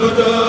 budo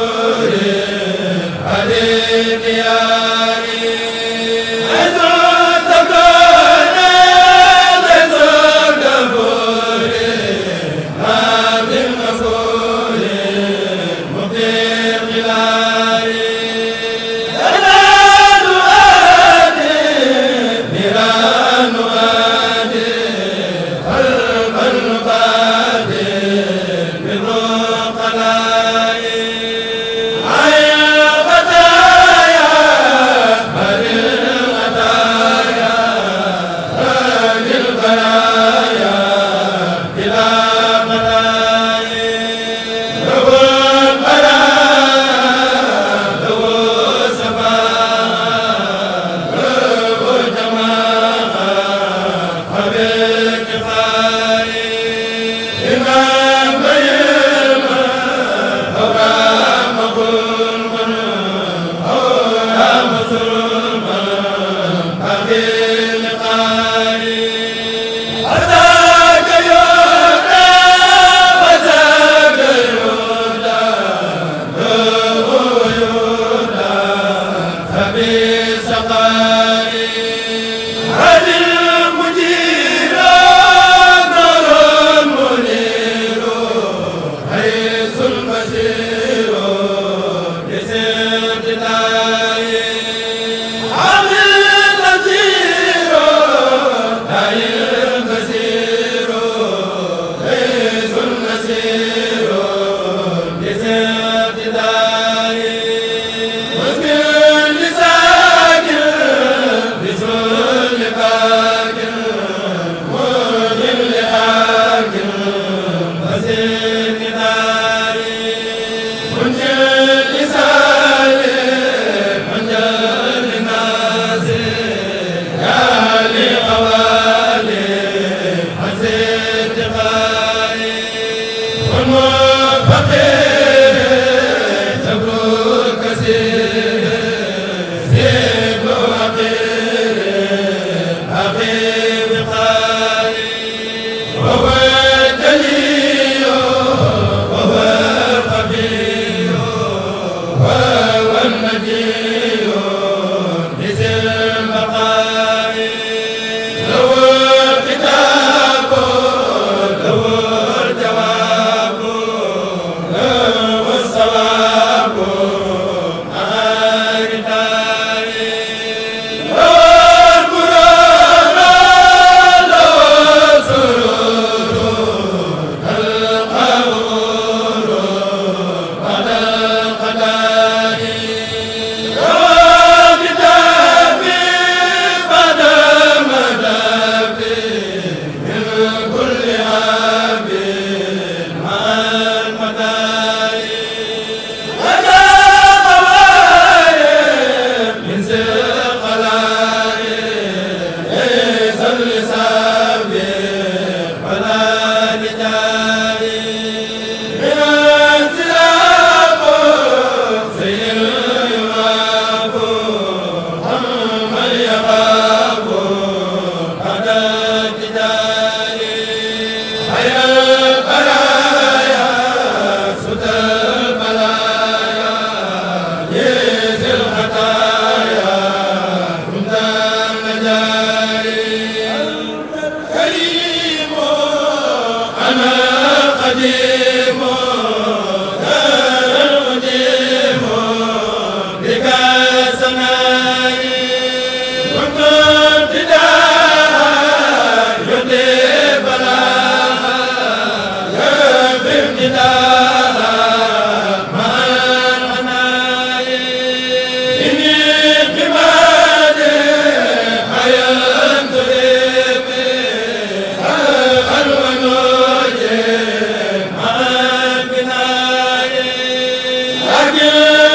Adieu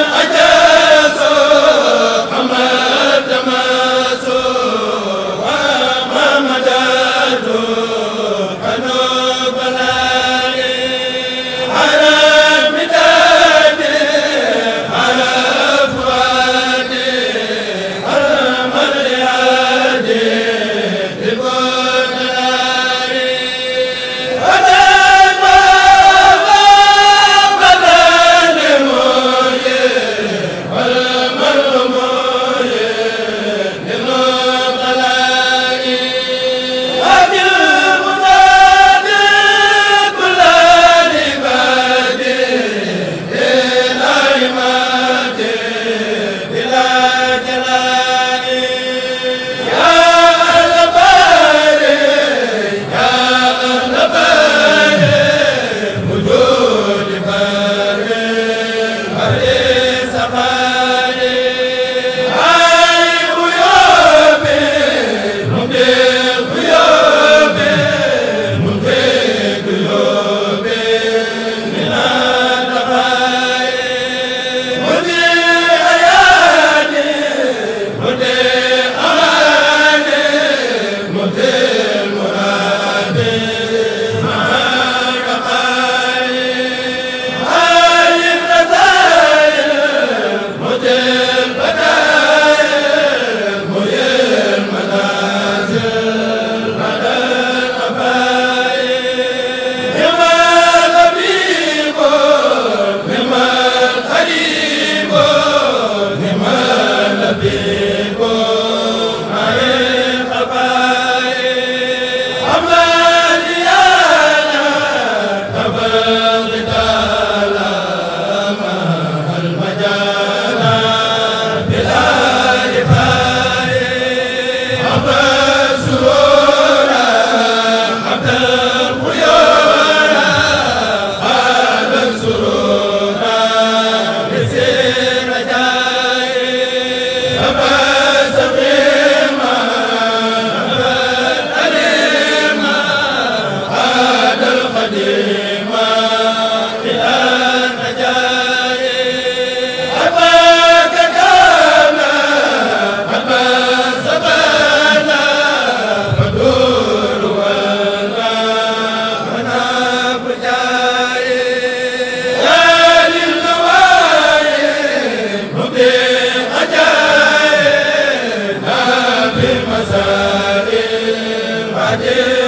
Amen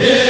Yeah.